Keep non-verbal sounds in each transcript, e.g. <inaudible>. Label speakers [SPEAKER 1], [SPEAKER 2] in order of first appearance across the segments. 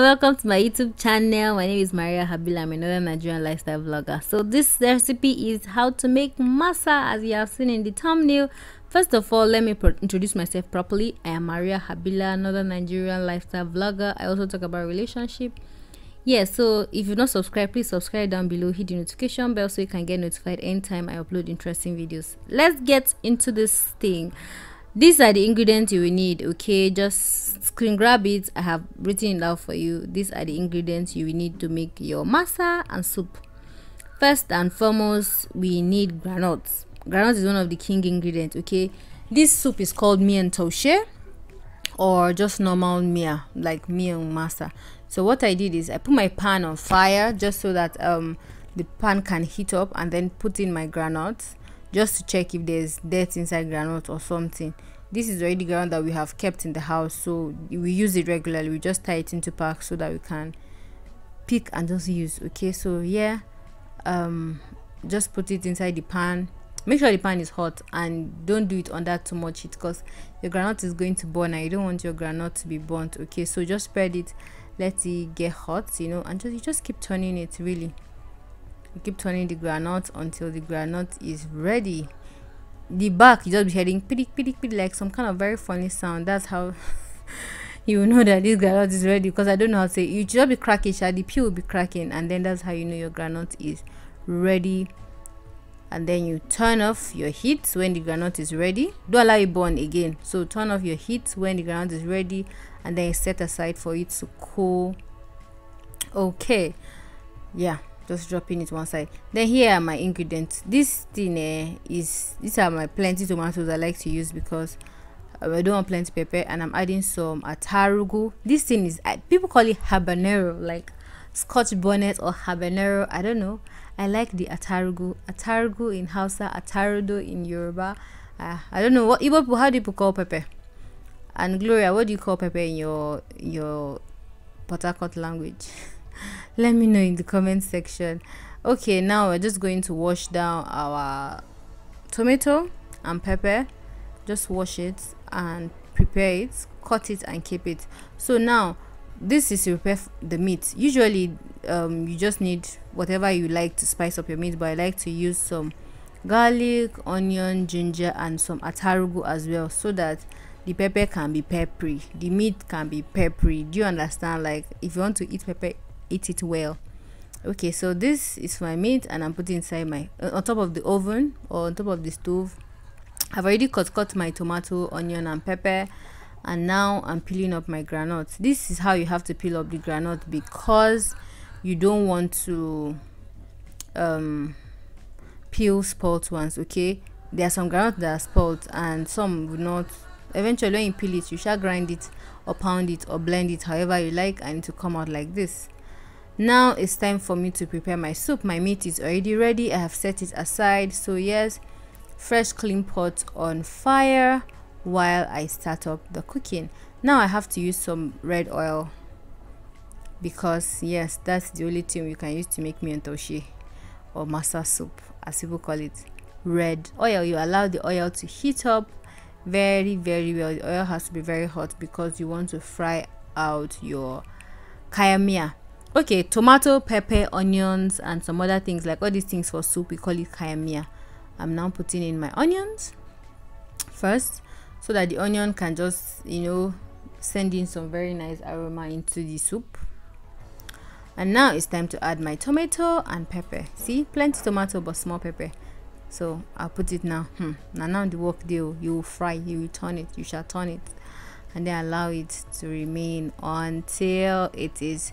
[SPEAKER 1] welcome to my youtube channel my name is maria habila i'm another nigerian lifestyle vlogger so this recipe is how to make masa as you have seen in the thumbnail first of all let me introduce myself properly i am maria habila another nigerian lifestyle vlogger i also talk about relationship yeah so if you're not subscribed please subscribe down below hit the notification bell so you can get notified anytime i upload interesting videos let's get into this thing these are the ingredients you will need okay just screen grab it i have written it out for you these are the ingredients you will need to make your masa and soup first and foremost we need granules granules is one of the king ingredients okay this soup is called mian taushe or just normal mia like mian masa so what i did is i put my pan on fire just so that um the pan can heat up and then put in my granules just to check if there's dirt inside groundnut or something this is already ground that we have kept in the house so we use it regularly we just tie it into packs so that we can pick and just use okay so yeah um just put it inside the pan make sure the pan is hot and don't do it under too much heat because your granite is going to burn and you don't want your granite to be burnt okay so just spread it let it get hot you know and just you just keep turning it really you keep turning the granite until the granite is ready the back you just be hearing pitty pitty pitty like some kind of very funny sound that's how <laughs> you know that this granite is ready because i don't know how to say you just be cracking sha the peel will be cracking and then that's how you know your granite is ready and then you turn off your heat when the granite is ready don't allow it burn again so turn off your heat when the granite is ready and then set aside for it to cool okay yeah just dropping it one side then here are my ingredients this thing eh, is these are my plenty tomatoes i like to use because um, I don't want plenty pepper and I'm adding some atarugu. This thing is people call it habanero, like Scotch bonnet or habanero. I don't know. I like the atarugu. Atarugu in Hausa, atarudo in Yoruba. Uh, I don't know what Igbo people. How do people call pepper? And Gloria, what do you call pepper in your your Port language? <laughs> let me know in the comment section okay now we're just going to wash down our tomato and pepper just wash it and prepare it cut it and keep it so now this is to prepare the meat usually um, you just need whatever you like to spice up your meat but i like to use some garlic onion ginger and some atarugu as well so that the pepper can be peppery the meat can be peppery do you understand like if you want to eat pepper eat it well okay so this is my meat and i'm putting inside my uh, on top of the oven or on top of the stove i've already cut cut my tomato onion and pepper and now i'm peeling up my granite this is how you have to peel up the granite because you don't want to um peel spoiled ones okay there are some granite that are spoiled and some will not eventually when you peel it you shall grind it or pound it or blend it however you like and to come out like this now it's time for me to prepare my soup my meat is already ready i have set it aside so yes fresh clean pot on fire while i start up the cooking now i have to use some red oil because yes that's the only thing you can use to make mientoshi or masa soup as people call it red oil you allow the oil to heat up very very well the oil has to be very hot because you want to fry out your kayamia okay tomato pepper onions and some other things like all these things for soup we call it kayamia i'm now putting in my onions first so that the onion can just you know send in some very nice aroma into the soup and now it's time to add my tomato and pepper see plenty tomato but small pepper so i'll put it now hmm. now now the work deal oh. you will fry you will turn it you shall turn it and then allow it to remain until it is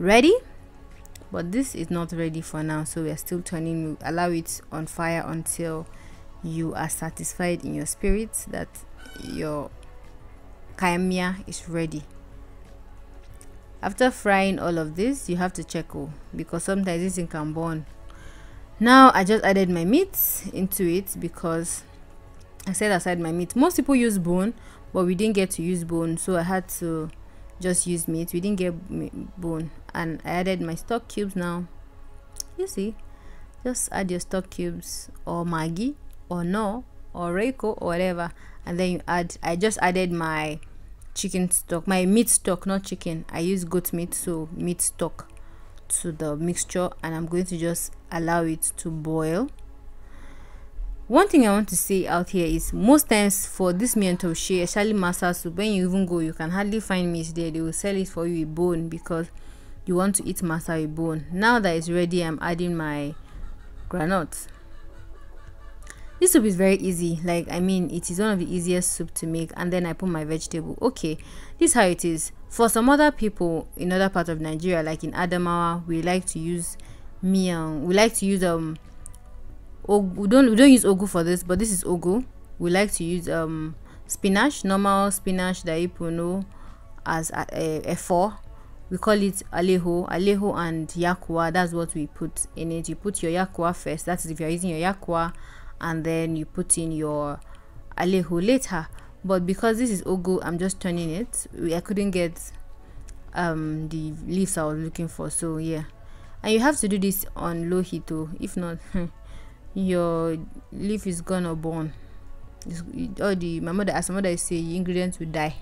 [SPEAKER 1] ready but this is not ready for now so we are still turning you allow it on fire until you are satisfied in your spirit that your kaimia is ready after frying all of this you have to check oh because sometimes this thing can burn now i just added my meat into it because i set aside my meat most people use bone but we didn't get to use bone so i had to just use meat we didn't get bone and I added my stock cubes now you see just add your stock cubes or Maggi or no or Reiko or whatever and then you add I just added my chicken stock my meat stock not chicken I use goat meat so meat stock to the mixture and I'm going to just allow it to boil one thing I want to say out here is most times for this meat and toshi especially master soup when you even go you can hardly find meat there they will sell it for you a bone because you want to eat masa bone now that it's ready i'm adding my granite this soup is very easy like i mean it is one of the easiest soup to make and then i put my vegetable okay this how it is for some other people in other part of nigeria like in adamawa we like to use miang. we like to use um we don't we don't use ogu for this but this is ogu we like to use um spinach normal spinach that you know as a, a, a four we call it aleho aleho and yakwa that's what we put in it you put your yakwa first that is if you're using your yakwa and then you put in your aleho later but because this is ogo i'm just turning it i couldn't get um the leaves i was looking for so yeah and you have to do this on low heat oh if not <laughs> your leaf is gonna burn it's, all the my mother as my mother say, ingredients will die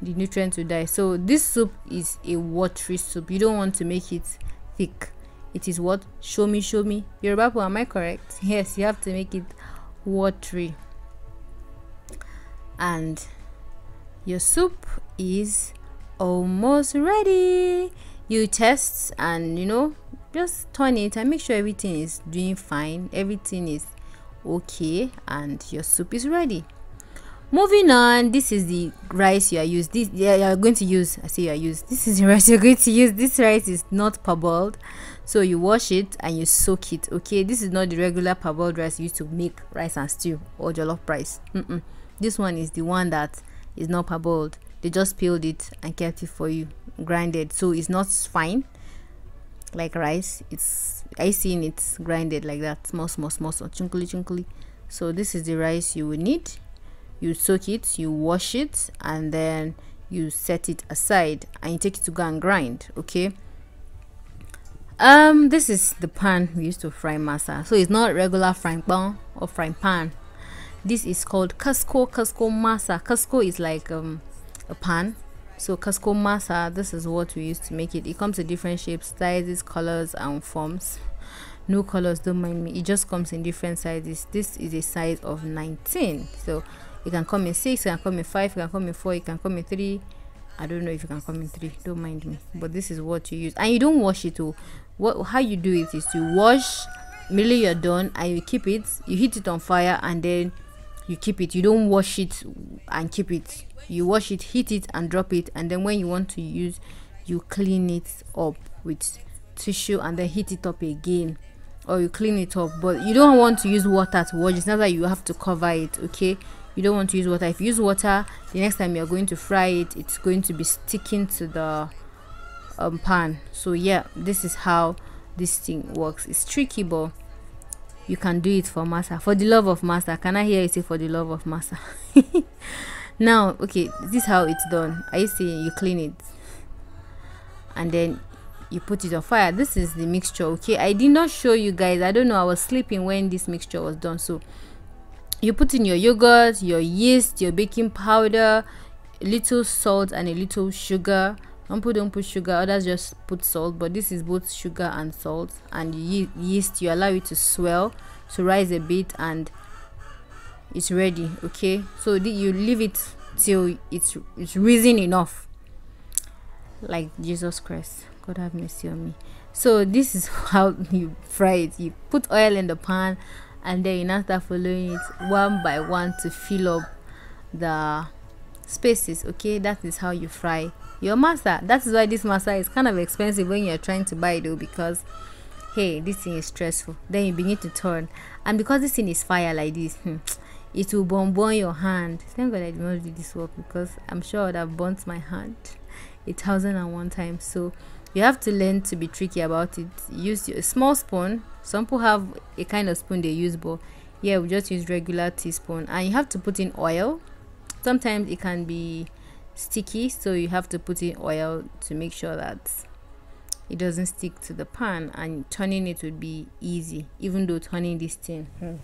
[SPEAKER 1] the nutrients will die so this soup is a watery soup you don't want to make it thick it is what show me show me yoruba Baba, am i correct <laughs> yes you have to make it watery and your soup is almost ready you test and you know just turn it and make sure everything is doing fine everything is okay and your soup is ready moving on this is the rice you are used this yeah you are going to use i say you are used this is the <laughs> rice you're going to use this rice is not parboiled so you wash it and you soak it okay this is not the regular parboiled rice used to make rice and stew or jollof rice mm -mm. this one is the one that is not parboiled they just peeled it and kept it for you grinded so it's not fine like rice it's i seen it's grinded like that small small small so chunkly chunkly so this is the rice you will need you soak it you wash it and then you set it aside and you take it to go and grind okay um this is the pan we used to fry masa so it's not regular frying pan or frying pan this is called casco casco masa casco is like um a pan so casco masa this is what we use to make it it comes in different shapes sizes colors and forms no colors don't mind me it just comes in different sizes this is a size of 19 so you can come in six, You can come in five, You can come in four, You can come in three. I don't know if you can come in three. Don't mind me. But this is what you use, and you don't wash it all. Oh. What how you do it is you wash. Merely you're done, and you keep it. You heat it on fire, and then you keep it. You don't wash it and keep it. You wash it, heat it, and drop it. And then when you want to use, you clean it up with tissue, and then heat it up again, or you clean it up. But you don't want to use water to wash. It's not that like you have to cover it. Okay you don't want to use water if you use water the next time you're going to fry it it's going to be sticking to the um, pan so yeah this is how this thing works it's tricky but you can do it for master for the love of master can i hear you say for the love of master <laughs> now okay this is how it's done i say you clean it and then you put it on fire this is the mixture okay i did not show you guys i don't know i was sleeping when this mixture was done so you put in your yogurt your yeast your baking powder a little salt and a little sugar some put don't put sugar others just put salt but this is both sugar and salt and ye yeast you allow it to swell to rise a bit and it's ready okay so you leave it till it's it's risen enough like jesus christ god have mercy on me so this is <laughs> how you fry it you put oil in the pan and then you now start following it one by one to fill up the spaces okay that is how you fry your masa that is why this masa is kind of expensive when you're trying to buy it though because hey this thing is stressful then you begin to turn and because this thing is fire like this hmm, it will burn burn your hand thank god i did not do this work because i'm sure i'd have burnt my hand a thousand and one times so you have to learn to be tricky about it use a small spoon some people have a kind of spoon they use but yeah we just use regular teaspoon and you have to put in oil sometimes it can be sticky so you have to put in oil to make sure that it doesn't stick to the pan and turning it would be easy even though turning this thing hmm.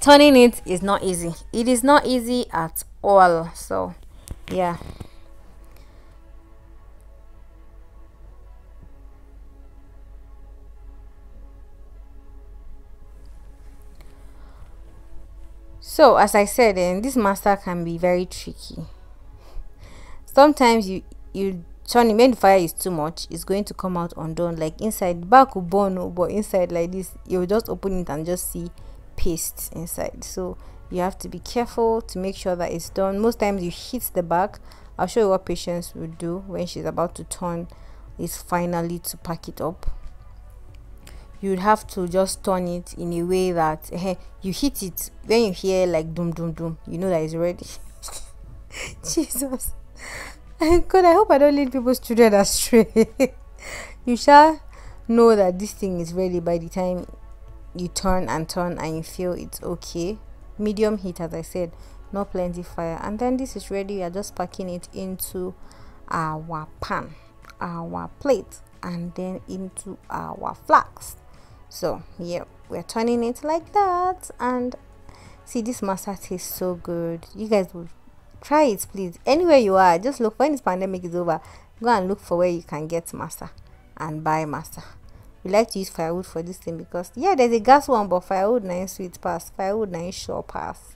[SPEAKER 1] turning it is not easy it is not easy at all so yeah So, as I said, and this master can be very tricky. Sometimes you you turn when the fire is too much it's going to come out undone like inside back will burn oh, but inside like this you'll just open it and just see paste inside so you have to be careful to make sure that it's done most times you hit the back i'll show you what patience will do when she's about to turn is finally to pack it up you'd have to just turn it in a way that eh, you hit it when you hear like doom doom doom you know that it's ready <laughs> jesus god i hope i don't lead people's children astray <laughs> you shall know that this thing is ready by the time you turn and turn and you feel it's okay medium heat as i said not plenty fire and then this is ready we are just packing it into our pan our plate and then into our flax so yeah we're turning it like that and see this masa tastes so good you guys will try it please anywhere you are just look when this pandemic is over go and look for where you can get masa and buy masa we like to use firewood for this thing because yeah there's a gas one but firewood nine sweet pass firewood nine sure pass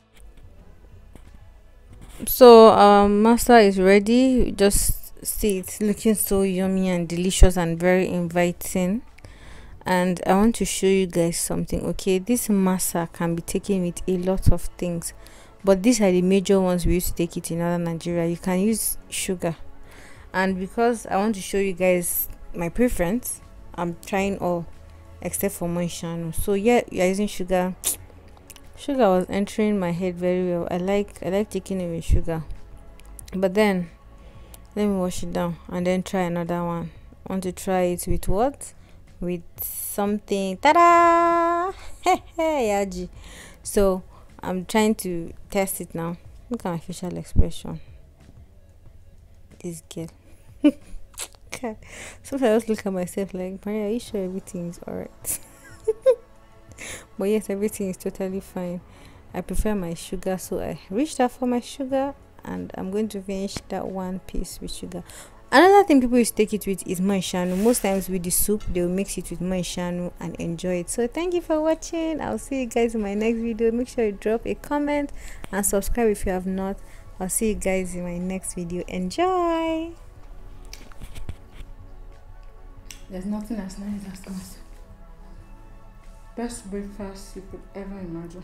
[SPEAKER 1] so um master is ready just see it's looking so yummy and delicious and very inviting and i want to show you guys something okay this masa can be taken with a lot of things but these are the major ones we used to take it in other nigeria you can use sugar and because i want to show you guys my preference i'm trying all except for moonshine so yeah you're using sugar <tsk> sugar was entering my head very well i like i like taking it with sugar but then let me wash it down and then try another one I want to try it with what with something. Ta-da! <laughs> Yaji. so I'm trying to test it now. Look at my facial expression. This girl. <laughs> okay. Sometimes I just look at myself like, Maria, are you sure everything is alright? <laughs> but yes, everything is totally fine. I prefer my sugar, so I reached out for my sugar and I'm going to finish that one piece with sugar. Another thing people used to take it with is maishanu. Most times with the soup, they'll mix it with maishanu and enjoy it. So thank you for watching. I'll see you guys in my next video. Make sure you drop a comment and subscribe if you have not. I'll see you guys in my next video. Enjoy! There's nothing as nice as us. Best breakfast you could ever imagine.